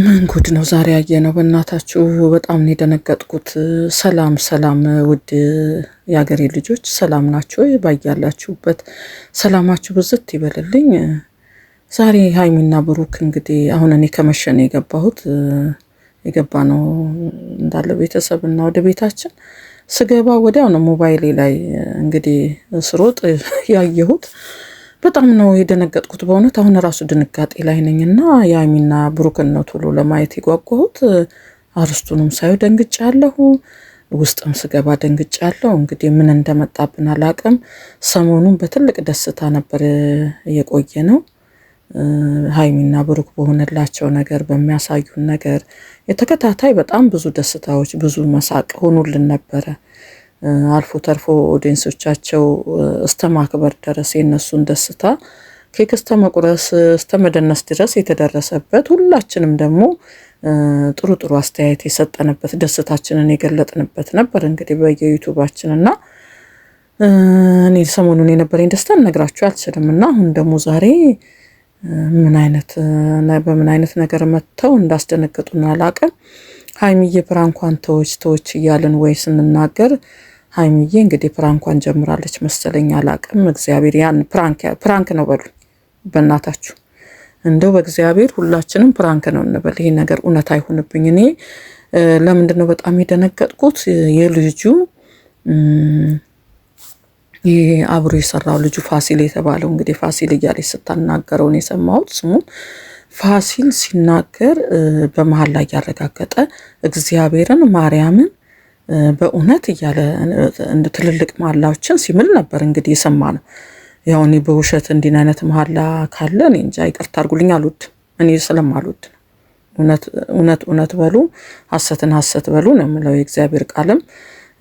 ምን ጉድ ነው ዛሬ ያየነው? በእናታችሁ በጣም ነው የደነገጥኩት። ሰላም ሰላም፣ ውድ የአገሬ ልጆች ሰላም ናቸው። ባያላችሁበት ሰላማችሁ ብዝት ይበልልኝ። ዛሬ ሀይሚና ብሩክ እንግዲህ አሁን እኔ ከመሸነ የገባሁት የገባ ነው እንዳለ ቤተሰብ እና ወደ ቤታችን ስገባ ወዲያው ነው ሞባይሌ ላይ እንግዲህ ስሮጥ ያየሁት በጣም ነው የደነገጥኩት በእውነት አሁን ራሱ ድንጋጤ ላይ ነኝ። እና የሀይሚና ብሩክን ነው ቶሎ ለማየት የጓጓሁት። አርስቱንም ሳየው ደንግጫ አለሁ፣ ውስጥም ስገባ ደንግጫ አለሁ። እንግዲህ ምን እንደመጣብን አላቅም። ሰሞኑን በትልቅ ደስታ ነበር የቆየ ነው ሀይሚና ብሩክ በሆነላቸው ነገር በሚያሳዩን ነገር የተከታታይ በጣም ብዙ ደስታዎች ብዙ መሳቅ ሆኑልን ነበረ። አልፎ ተርፎ ኦዲንሶቻቸው እስተ ማክበር ድረስ የነሱን ደስታ ኬክ እስተ መቁረስ እስተ መደነስ ድረስ የተደረሰበት ሁላችንም ደግሞ ጥሩ ጥሩ አስተያየት የሰጠንበት ደስታችንን የገለጥንበት ነበር። እንግዲህ በየዩቱባችን እና እኔ ሰሞኑን የነበረኝ ደስታ ነግራችሁ አልችልም እና አሁን ደግሞ ዛሬ ምን አይነት በምን አይነት ነገር መጥተው እንዳስደነገጡን አላቅም። ሀይሚዬ ብራ ተወች ተወች እያልን ወይ ስንናገር ሀይሚዬ እንግዲህ ፕራንኳን ጀምራለች መሰለኝ፣ አላቅም። እግዚአብሔር ያን ፕራንክ ነው በሉ በእናታችሁ፣ እንደው በእግዚአብሔር ሁላችንም ፕራንክ ነው እንበል። ይሄ ነገር እውነት አይሆንብኝ። እኔ ለምንድን ነው በጣም የደነገጥኩት? የልጁ ይሄ አብሮ የሰራው ልጁ ፋሲል የተባለው እንግዲህ ፋሲል እያለች ስታናገረውን የሰማሁት ስሙን ፋሲል ሲናገር በመሀል ላይ ያረጋገጠ እግዚአብሔርን ማርያምን በእውነት እያለ ትልልቅ መሀላዎችን ሲምል ነበር እንግዲህ የሰማ ነው። ያው እኔ በውሸት እንዲን አይነት መሀላ ካለ እኔ እንጃ ይቅርታ አድርጉልኝ አሉት። እኔ ስለማልወድ እውነት እውነት በሉ ሀሰትን ሀሰት በሉ ነው የምለው የእግዚአብሔር ቃልም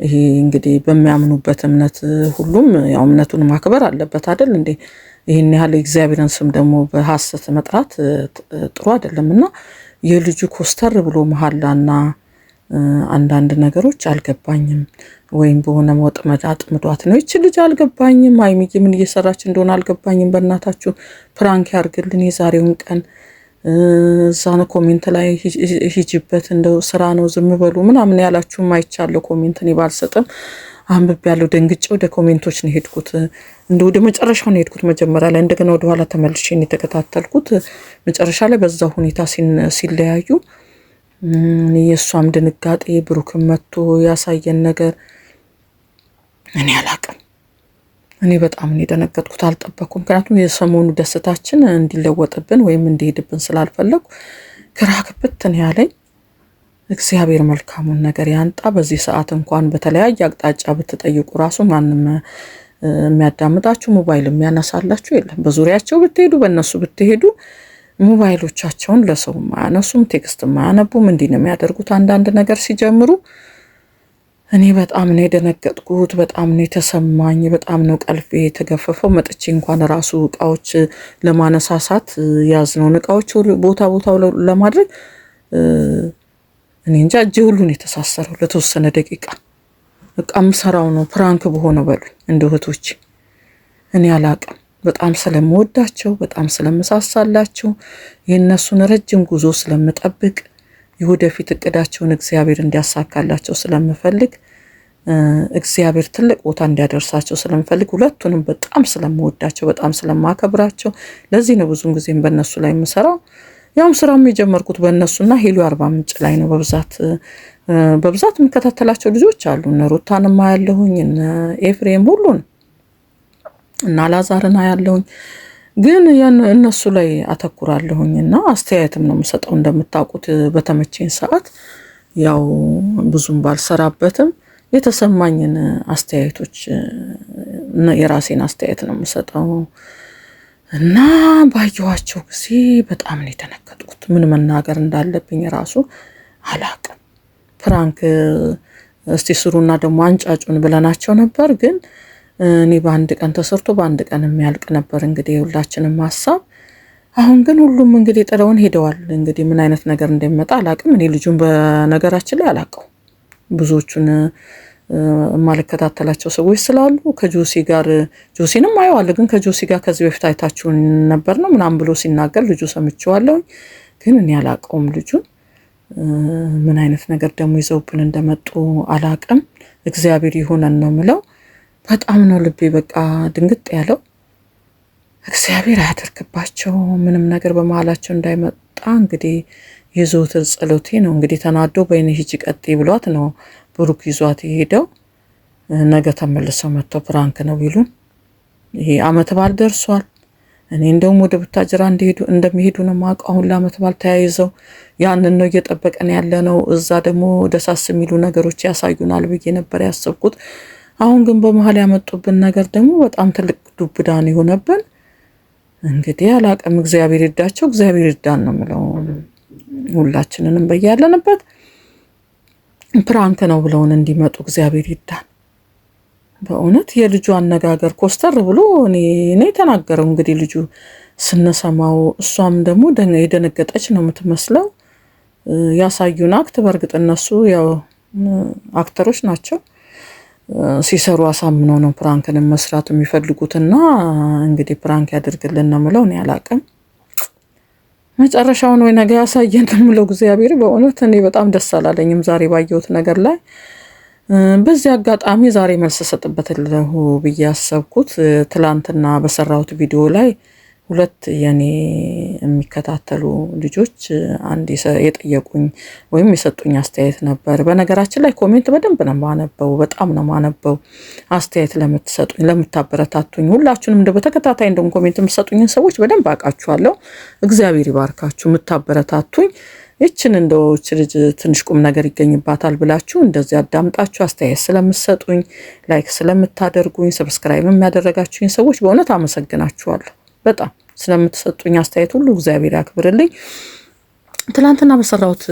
ይሄ እንግዲህ በሚያምኑበት እምነት ሁሉም ያው እምነቱን ማክበር አለበት አይደል እንዴ? ይህን ያህል የእግዚአብሔርን ስም ደግሞ በሀሰት መጥራት ጥሩ አይደለም እና የልጁ ኮስተር ብሎ መሀላና አንዳንድ ነገሮች አልገባኝም፣ ወይም በሆነ ወጥመድ አጥምዷት ነው ይች ልጅ አልገባኝም። ሀይሚዬ ምን እየሰራች እንደሆነ አልገባኝም። በእናታችሁ ፕራንክ ያርግልን የዛሬውን ቀን እዛ ነው ኮሜንት ላይ ሂጂበት፣ እንደው ስራ ነው ዝም በሉ ምናምን ያላችሁም አይቻለሁ። ኮሜንት እኔ ባልሰጥም አንብቤ ያለው ደንግጬ ወደ ኮሜንቶች ነው ሄድኩት። እንደ ወደ መጨረሻው ነው ሄድኩት። መጀመሪያ ላይ እንደገና ወደኋላ ተመልሼ ነው የተከታተልኩት። መጨረሻ ላይ በዛ ሁኔታ ሲለያዩ የእሷም ድንጋጤ ብሩክም መጥቶ ያሳየን ነገር እኔ አላቅም። እኔ በጣም ነው የደነገጥኩት፣ አልጠበቅኩም። ምክንያቱም የሰሞኑ ደስታችን እንዲለወጥብን ወይም እንዲሄድብን ስላልፈለጉ ግራ ግብትን ያለኝ እግዚአብሔር መልካሙን ነገር ያንጣ። በዚህ ሰዓት እንኳን በተለያየ አቅጣጫ ብትጠይቁ ራሱ ማንም የሚያዳምጣችሁ ሞባይል የሚያነሳላችሁ የለም። በዙሪያቸው ብትሄዱ፣ በእነሱ ብትሄዱ ሞባይሎቻቸውን ለሰው ማያነሱም፣ ቴክስት ማያነቡም። እንዲህ ነው የሚያደርጉት። አንዳንድ ነገር ሲጀምሩ እኔ በጣም ነው የደነገጥኩት። በጣም ነው የተሰማኝ። በጣም ነው ቀልፌ የተገፈፈው። መጥቼ እንኳን ራሱ እቃዎች ለማነሳሳት ያዝነውን እቃዎች ቦታ ቦታው ለማድረግ እኔ እንጃ እጄ ሁሉን የተሳሰረው ለተወሰነ ደቂቃ እቃ ምሰራው ነው ፕራንክ በሆነው በሉ እንደ እህቶች እኔ አላቅም። በጣም ስለምወዳቸው በጣም ስለምሳሳላቸው የእነሱን ረጅም ጉዞ ስለምጠብቅ የወደፊት እቅዳቸውን እግዚአብሔር እንዲያሳካላቸው ስለምፈልግ እግዚአብሔር ትልቅ ቦታ እንዲያደርሳቸው ስለምፈልግ ሁለቱንም በጣም ስለምወዳቸው በጣም ስለማከብራቸው ለዚህ ነው ብዙን ጊዜም በእነሱ ላይ የምሰራው። ያውም ስራም የጀመርኩት በእነሱና ሄሉ አርባ ምንጭ ላይ ነው። በብዛት በብዛት የምከታተላቸው ልጆች አሉ። እነ ሩታንማ ያለሁኝ እነ ኤፍሬም ሁሉን እና ላዛርና ያለውኝ ግን እነሱ ላይ አተኩራለሁኝ እና አስተያየትም ነው የምሰጠው። እንደምታውቁት በተመቼን ሰዓት ያው ብዙም ባልሰራበትም የተሰማኝን አስተያየቶች የራሴን አስተያየት ነው የምሰጠው እና ባየኋቸው ጊዜ በጣም ነው የተነከጥኩት። ምን መናገር እንዳለብኝ ራሱ አላቅም። ፕራንክ እስቲ ስሩና ደግሞ አንጫጩን ብለናቸው ነበር ግን እኔ በአንድ ቀን ተሰርቶ በአንድ ቀን የሚያልቅ ነበር እንግዲህ የሁላችንም ሀሳብ። አሁን ግን ሁሉም እንግዲህ ጥለውን ሄደዋል። እንግዲህ ምን አይነት ነገር እንደሚመጣ አላቅም። እኔ ልጁን በነገራችን ላይ አላቀው ብዙዎቹን የማልከታተላቸው ሰዎች ስላሉ ከጆሲ ጋር ጆሲንም አየዋለሁ፣ ግን ከጆሲ ጋር ከዚህ በፊት አይታችሁን ነበር ነው ምናምን ብሎ ሲናገር ልጁ ሰምቼዋለሁ፣ ግን እኔ አላቀውም ልጁን። ምን አይነት ነገር ደግሞ ይዘውብን እንደመጡ አላቅም። እግዚአብሔር ይሆነን ነው ምለው በጣም ነው ልቤ በቃ ድንግጥ ያለው። እግዚአብሔር አያደርግባቸው ምንም ነገር በመሀላቸው እንዳይመጣ እንግዲህ የዘወትር ጸሎቴ ነው። እንግዲህ ተናዶ በይነ ሂጂ ቀጤ ብሏት ነው ብሩክ ይዟት የሄደው። ነገ ተመልሰው መጥተው ፕራንክ ነው ቢሉን ይሄ አመት በዓል ደርሷል። እኔ እንደውም ወደ ቡታጅራ እንደሄዱ እንደሚሄዱ ነው የማውቀው። አሁን ለአመት በዓል ተያይዘው ያንን ነው እየጠበቀን ያለ ነው። እዛ ደግሞ ደሳስ የሚሉ ነገሮች ያሳዩናል ብዬ ነበር ያሰብኩት። አሁን ግን በመሀል ያመጡብን ነገር ደግሞ በጣም ትልቅ ዱብዳን የሆነብን። እንግዲህ አላቅም። እግዚአብሔር ይርዳቸው፣ እግዚአብሔር ይርዳን ነው ምለው ሁላችንንም በያለንበት ፕራንክ ነው ብለውን እንዲመጡ እግዚአብሔር ይዳን። በእውነት የልጁ አነጋገር ኮስተር ብሎ እኔ የተናገረው እንግዲህ ልጁ ስንሰማው እሷም ደግሞ የደነገጠች ነው የምትመስለው። ያሳዩን አክት በእርግጥ እነሱ ያው አክተሮች ናቸው ሲሰሩ አሳምኖ ነው ፕራንክንም መስራት የሚፈልጉትና እንግዲህ ፕራንክ ያደርግልን ነው ምለው። እኔ አላቅም መጨረሻውን ወይ ነገ ያሳየን ምለው እግዚአብሔር። በእውነት እኔ በጣም ደስ አላለኝም ዛሬ ባየሁት ነገር ላይ። በዚህ አጋጣሚ ዛሬ መልስ ሰጥበትለሁ ብዬ ያሰብኩት ትላንትና በሰራሁት ቪዲዮ ላይ ሁለት የኔ የሚከታተሉ ልጆች አንድ የጠየቁኝ ወይም የሰጡኝ አስተያየት ነበር። በነገራችን ላይ ኮሜንት በደንብ ነው ማነበው፣ በጣም ነው ማነበው። አስተያየት ለምትሰጡኝ፣ ለምታበረታቱኝ ሁላችሁንም እንደ በተከታታይ እንደም ኮሜንት የምትሰጡኝን ሰዎች በደንብ አውቃችኋለሁ። እግዚአብሔር ይባርካችሁ። የምታበረታቱኝ ይችን እንደዎች ልጅ ትንሽ ቁም ነገር ይገኝባታል ብላችሁ እንደዚህ አዳምጣችሁ አስተያየት ስለምትሰጡኝ፣ ላይክ ስለምታደርጉኝ፣ ሰብስክራይብ የሚያደረጋችሁኝ ሰዎች በእውነት አመሰግናችኋለሁ። በጣም ስለምትሰጡኝ አስተያየት ሁሉ እግዚአብሔር ያክብርልኝ። ትላንትና በሰራሁት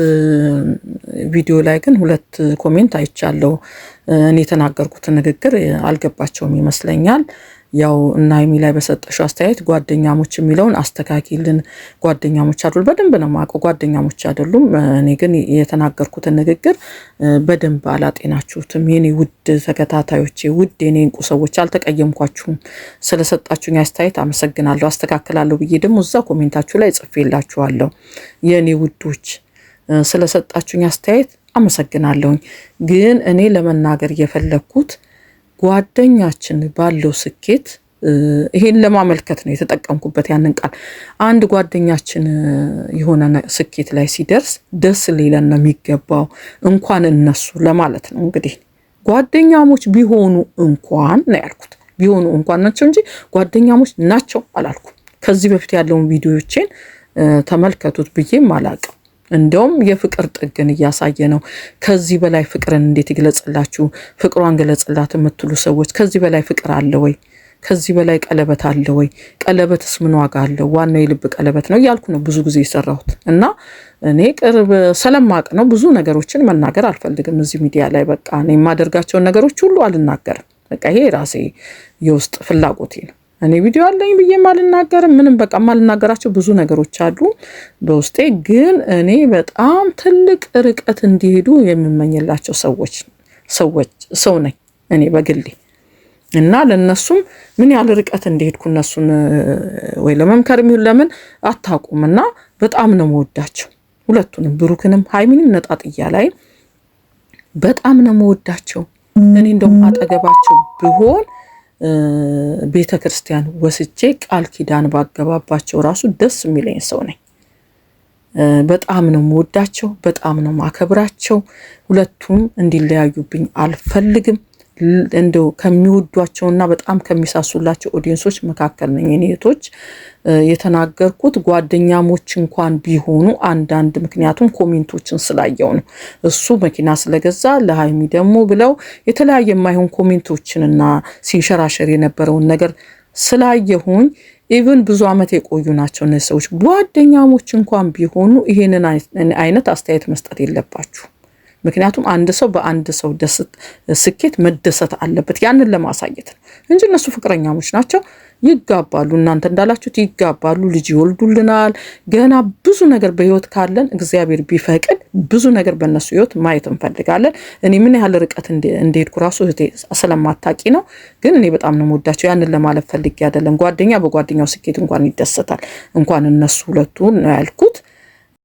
ቪዲዮ ላይ ግን ሁለት ኮሜንት አይቻለሁ። እኔ የተናገርኩትን ንግግር አልገባቸውም ይመስለኛል። ያው እና ሀይሚ ላይ በሰጠሽው አስተያየት ጓደኛሞች የሚለውን አስተካኪልን። ጓደኛሞች አይደሉም፣ በደንብ ነው የማውቀው። ጓደኛሞች አይደሉም። እኔ ግን የተናገርኩትን ንግግር በደንብ አላጤናችሁትም። የኔ ውድ ተከታታዮቼ፣ ውድ የኔ እንቁ ሰዎች አልተቀየምኳችሁም። ስለሰጣችሁኝ አስተያየት አመሰግናለሁ። አስተካክላለሁ ብዬ ደግሞ እዛ ኮሜንታችሁ ላይ ጽፌላችኋለሁ። የእኔ ውዶች ስለሰጣችሁኝ አስተያየት አመሰግናለሁኝ። ግን እኔ ለመናገር የፈለግኩት ጓደኛችን ባለው ስኬት ይሄን ለማመልከት ነው የተጠቀምኩበት ያንን ቃል። አንድ ጓደኛችን የሆነ ስኬት ላይ ሲደርስ ደስ ሊለን ነው የሚገባው፣ እንኳን እነሱ ለማለት ነው። እንግዲህ ጓደኛሞች ቢሆኑ እንኳን ነው ያልኩት። ቢሆኑ እንኳን ናቸው እንጂ ጓደኛሞች ናቸው አላልኩም። ከዚህ በፊት ያለውን ቪዲዮዎቼን ተመልከቱት ብዬም አላቅም። እንደውም የፍቅር ጥግን እያሳየ ነው። ከዚህ በላይ ፍቅርን እንዴት ይግለጽላችሁ? ፍቅሯን ገለጽላት የምትሉ ሰዎች ከዚህ በላይ ፍቅር አለ ወይ? ከዚህ በላይ ቀለበት አለ ወይ? ቀለበትስ ምን ዋጋ አለው? ዋናው የልብ ቀለበት ነው እያልኩ ነው ብዙ ጊዜ የሰራሁት እና እኔ ቅርብ ስለማቅ ነው ብዙ ነገሮችን መናገር አልፈልግም እዚህ ሚዲያ ላይ በቃ እኔ የማደርጋቸውን ነገሮች ሁሉ አልናገርም። በቃ ይሄ ራሴ የውስጥ ፍላጎቴ ነው። እኔ ቪዲዮ አለኝ ብዬ አልናገርም። ምንም በቃ ማልናገራቸው ብዙ ነገሮች አሉ በውስጤ። ግን እኔ በጣም ትልቅ ርቀት እንዲሄዱ የምመኝላቸው ሰዎች ሰዎች ሰው ነኝ እኔ በግሌ እና ለነሱም ምን ያህል ርቀት እንደሄድኩ እነሱን ወይ ለመምከር ይሁን ለምን አታውቁም። እና በጣም ነው መወዳቸው ሁለቱንም ብሩክንም ሀይሚንም ነጣጥያ ላይ በጣም ነው መወዳቸው። እኔ እንደውም አጠገባቸው ብሆን ቤተ ክርስቲያን ወስቼ ቃል ኪዳን ባገባባቸው ራሱ ደስ የሚለኝ ሰው ነኝ። በጣም ነው የምወዳቸው፣ በጣም ነው ማከብራቸው። ሁለቱም እንዲለያዩብኝ አልፈልግም። እንደው ከሚወዷቸውና በጣም ከሚሳሱላቸው ኦዲየንሶች መካከል ነኝ። እኔ የተናገርኩት ጓደኛሞች እንኳን ቢሆኑ አንዳንድ ምክንያቱም ኮሜንቶችን ስላየው ነው። እሱ መኪና ስለገዛ ለሀይሚ ደግሞ ብለው የተለያየ የማይሆን ኮሜንቶችንና ሲንሸራሸር የነበረውን ነገር ስላየሁኝ ኢቨን ብዙ ዓመት የቆዩ ናቸው እነዚህ ሰዎች። ጓደኛሞች እንኳን ቢሆኑ ይሄንን አይነት አስተያየት መስጠት የለባችሁ። ምክንያቱም አንድ ሰው በአንድ ሰው ስኬት መደሰት አለበት። ያንን ለማሳየት ነው እንጂ እነሱ ፍቅረኛሞች ናቸው። ይጋባሉ፣ እናንተ እንዳላችሁት ይጋባሉ፣ ልጅ ይወልዱልናል። ገና ብዙ ነገር በህይወት ካለን እግዚአብሔር ቢፈቅድ ብዙ ነገር በእነሱ ህይወት ማየት እንፈልጋለን። እኔ ምን ያህል ርቀት እንደሄድኩ ራሱ እህቴ ስለማታቂ ነው፣ ግን እኔ በጣም ነው የምወዳቸው። ያንን ለማለት ፈልጌ አይደለም። ጓደኛ በጓደኛው ስኬት እንኳን ይደሰታል፣ እንኳን እነሱ ሁለቱን ነው ያልኩት።